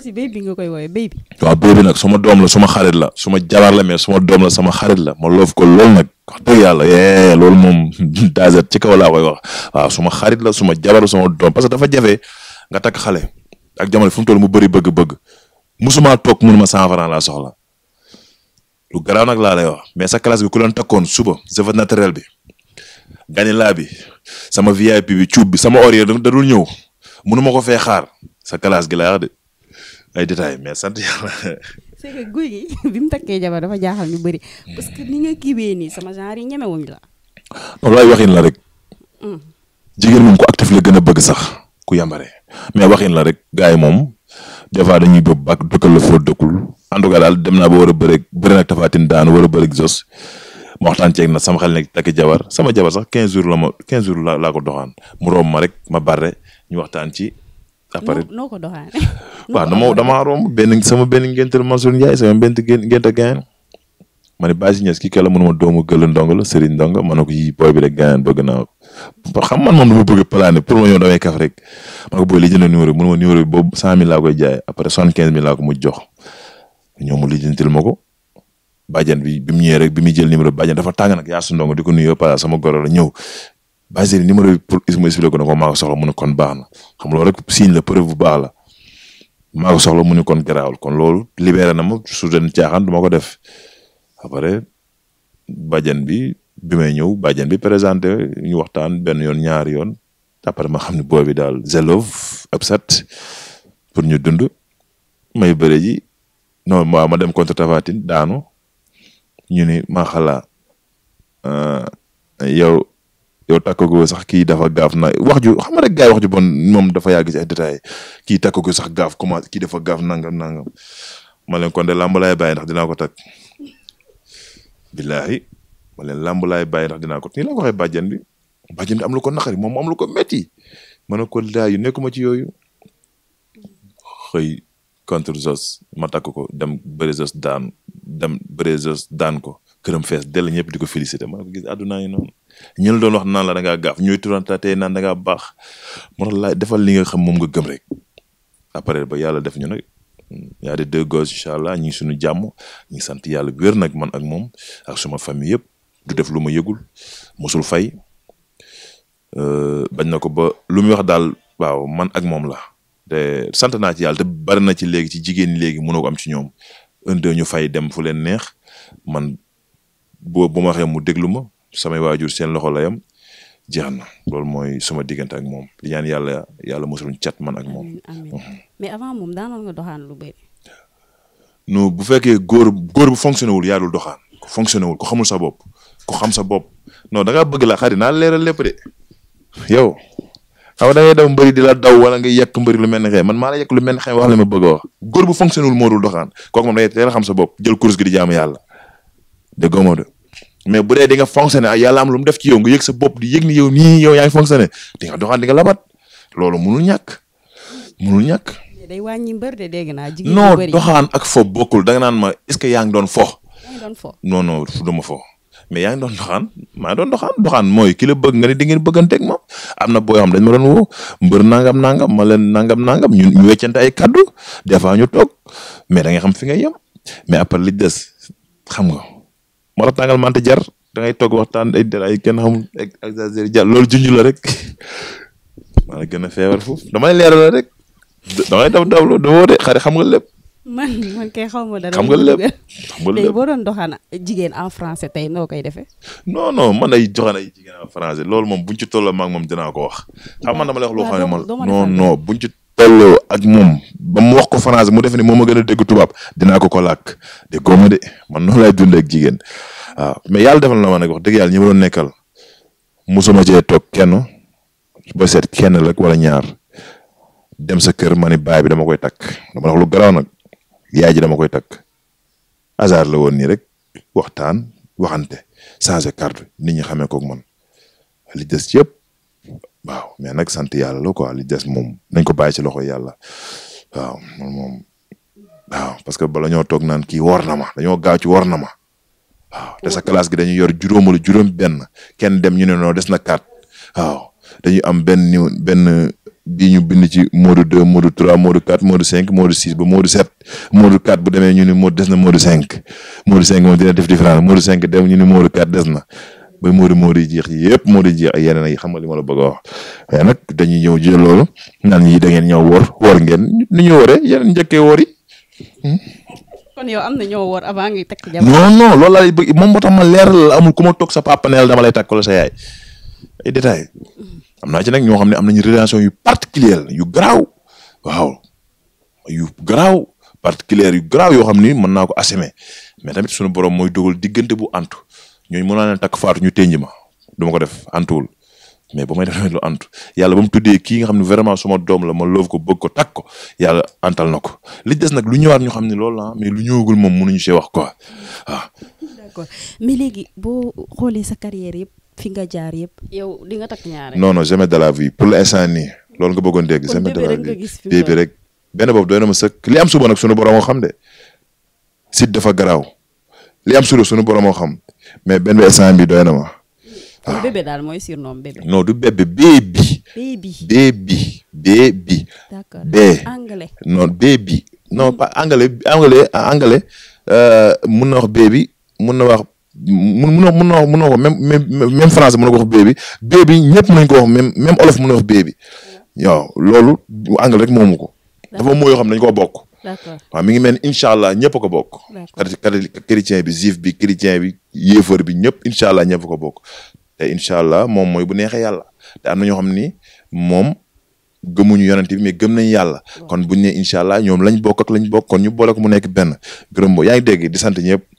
aussi béy bi nga koy woowee béy bi. waaw nag suma doom la suma xarit la suma jabar la mais doom sama xarit la ma loof ko lool nag wax dëgg yàlla yee loolu moom daaset ci kaw laa koy wax waaw suma xarit la suma jabar la suma doom parce que dafa jafe nga takk xale ak jamono fu mu toll mu bëri bëgg-bëgg musuma toog mënuma ma franc la soxla lu garaaw nag laa lay wax mais sa classe bi ku leen takkoon suba cheveux naturel bi ganilaa bi sama VIP bi cuub bi sama orier da dul ñëw ma ko fee xaar sa classe gi laa ay détails mais sant yàlla. c'est que guy gi bi mu takkee jabar dafa jaaxal ñu bari parce que ni nga kiiwee nii sama genre yi ñemewuñ la. non loolu ay waxin la rek. Hmm. jigéen moom ku actif la gën a bëgg sax ku yambare mais waxin la rek gars yi moom des fois dañuy bëgg ak dëkkal la foo dëkkul en tout cas daal dem naa ba war a bëreeg bëri nag tafaatin daan war a bëreeg jos ma waxtaan ceeg na sama xel nekk takki jabar sama jabar sax quinze jours la ma 15 jours laa ko doxaan mu romb ma rek ñu waxtaan ci après noo ko doxaane waaw dama damaa romb benn sama benn ngéntal Mansour Ndiaye sama benn ngént a gayan ma ne Baye Niass kii kala mënuma doomu gëla ndongo la Serigne Ndongo ma ne ko yii booy bi rek gayan bëgg naa ko xam man moom bëgg plané pour ma ñëw damay kaf rek ma ne ko booy li jënd numéro bi mënuma numéro bi boobu cent mille laa koy jaay après soixante quinze mille laa ko mujj jox ñoo lijjantil ma ko bàjjan bi bi mu ñëwee rek bi mu jël numéro bàjjan dafa tàng nag yaa su ndongo di ko nuyoo par sama goro la ñëw Basile numéro bi pour Isma expliqué ko ne ko maa ko soxla mu kon baax na xam loolu rek signe la preuve bu baax la maa soxla mu ne kon garaawul kon loolu libéré na ma su den caaxaan du ko def après bàjjen bi bi may ñëw bàjjen bi présenté ñu waxtaan benn yoon ñaari yoon après ma xam ne booy bi daal zelov upset pour ñu dund may bëre ji non waaw ma dem contre Tafatine daanu ñu ni maa yow yow takkagoo sax kii dafa gaaf na wax ju xam nga rek gaa yi wax ju bon moom dafa yàgg ci ay détails kii takkagoo sax gaaf commencé kii dafa gaaf nangam nangam ma leen kon làmb laay bàyyi ndax dinaa ko takk billaahi ma leen làmb laay bàyyi ndax dinaa ko nii la ko bi bàjjen bi am lu ko naqari moom am lu ko metti ma ne ko daa yu ci yooyu xëy contre Zos ma takk ko dem bëri Zos daan dem bëri Zos daan ko këram fees dell ñëpp di ko félicité ma gis àddunaa yi noonu ñu la doon wax naan la da ngaa gaaf ñooy te naan da ngaa baax moo tax laay defal li nga xam moom nga gëm rek après ba yàlla def ñu nag yaa de deux gosses incha allah ñu suñu jàmm ñu sant yàlla wér nag man ak moom ak suma famille yëpp du def lu ma yëgul mosul fay euh, bañ na ko ba lu muy wax daal waaw man ak moom la te sant naa ci yàlla te bari na ci léegi ci jigéen ñi léegi mënoo ko am ci ñoom un deux ñu fay dem fu leen neex man boo ma waxee mu déglu ma. samay waajur seen loxo la yam jeex na loolu mooy sama diggante ak moom di ñaan yàlla yàlla mosul cat man ak moom. Mhm. mais avant moom daanoon nga doxaan lu bëri. non bu góor bu fonctionné wul yaa ku fonctionné wul ku xamul sa bopp ku xam sa bopp non da ngaa bëgg la xarit naa leeral lépp de yow xam nga da ngay daw mbëri di la daw wala nga yekk mbëri lu mel ne man maa la yekk lu mel ne xëy wax la ma bëgg a wax góor bu fonctionné moo dul doxaan kooku moom day teel xam sa bopp jël course gi di jaamu yàlla déggoo ma de. mais bu dé di nga fonctionner ak yàlla am lu def ci yow nga yek sa bop di yek ni yow ni yow yaay fonctionner fonctionné di nga doxal di nga labat lolu munul ñak munul ñak day wañi mbeur dé dégg na jigi non doxaan ak fo bokul da nga nan ma est ce que yaang ngi doon fo. yaa doon fo non non du ma fo. mais yaang ngi doon doxaan maa doon doxaan doxaan mooy ki la bëgg nga ne di ngeen bëggante ak mom amna boy am dañ ma doon wo mbeur nangam nangam ma leen nangam nangam ñu ñu weccante ay cadeau des ñu tok mais da nga xam fi nga yem mais après li dess xam nga moo tax tàngal mante jar da ngay toog waxtaan ay dara ay kenn xamul exagéré jar loolu junj la rek maa la gën a feebar foofu damay leeral rek damay daf daf du woo de xare xam nga lépp. man man kay xaw ma dara. xam nga lépp xam nga lépp tey boo doon doxaan jigéen en français tey noo koy man ay joxaan ay jigéen en français loolu moom buñ ci tolloo moom dinaa ko wax. xam man dama lay wax xam ne man non tolloo ak moom ba mu wax ko français mu defe ni moom ma gën a dégg tubaab dinaa ko ko làkk de ma de man noonu lay dundee ak jigéen waaw ah, mais yàlla defal na ma nag wax dëgg ma doon nekkal musuma cee toog kenn ba kenn la wala ñaar dem sa kër ma ne baay bi dama koy takk dama wax lu garaaw nag yaay ji dama koy takk hasard la woon nii rek waxtaan waxante changé carte nit ñi xamee koog man li des yëpp. waaw mais nag sant yàlla la ko li des moom nañ ko bàyyi ci loxo yàlla waaw man moom waaw parce que bala ñoo toog naan kii wor na ma dañoo gaaw ci wor na ma waaw te sa classe gi dañuy yor juróom wala juróom benn kenn dem ñu ne noo des na kaat waaw dañuy am benn niw benn bii ñu bind ci moodu deux moodu trois moodu quatre moodu cinq moodu six ba moodu sept moodu quatre bu demee ñu ni moodu des na moodu cinq moo cinq moom dina def différence moodu cinq dem ñu ni moodu quatre des na ba moori moori jeex yépp moori jeex ak yeneen yi xam ma la bëgg a wax waaye nag dañuy ñëw jël loolu naan yi da ngeen ñëw wor wor ngeen ni ñu waree yeneen njëkkee wor yi kon yow am na ñoo wor avant ngay takk jabar non non loolu laa bëgg moom moo tax ma leer la amul ku ma toog sa papa neel dama lay takk wala sa yaay ay détail am naa ci nag ñoo xam ne am nañu relation yu particulière yu garaaw waaw yu garaaw particulière yu garaaw yoo xam ni mën naa ko assumer mais tamit suñu borom mooy dogal diggante bu antu ñooñu mën naa leen takk faatu ñu tënj ma du ma ko def antuwul mais ba may def lu antu yàlla ba mu tuddee kii nga xam ne vraiment suma doom la ma loof ko bëgg ko takk ko yàlla antal na ko li des nag lu ñëwaat ñu xam ne loolu la mais lu ñëwagul moom mënuñu see wax quoi waaw. d'accord mais léegi boo xoolee sa carrière yëpp fi nga jaar yëpp. yow nga takk ñaar non non de la vie pour l'instant nii loolu nga bëggoon dégg. jamais de la vie bébé rek benn boobu doy na ma sëkk li am suba nag sunu borom xam ne site dafa garaaw. li am solo suñu borom xam mais benn instant bi doy na ma. waaw ah. bébé daal mooy surnom bébé. non du bébé bébi. bébi bébi bébi. d'accord anglais. non bébi non pas anglais anglais ah, anglais euh, mun na wax bébi mun na wax. mun mun mun na wax mun na ko même même même français mun na ko wax bébé bébé ñëpp mun nañu ko wax même même olof mun na wax bébé yow loolu anglais rek moomu ko dafa mooy yoo xam ne koo bokk waaw mi ngi mel ni incha allah ñëpp a ko bokk chrétien bi juif bi chrétien bi yéefar bi ñëpp incha allah ñëpp ko bokk te incha allah moom mooy bu neexee yàlla te am na ñoo xam ni moom gëmuñu yonent bi mais gëm nañ yàlla kon bu ne incha allah ñoom lañ bokk ak lañ bokk kon ñu boole mu nekk benn gërëm boo yaa ngi dégg di sant ñëpp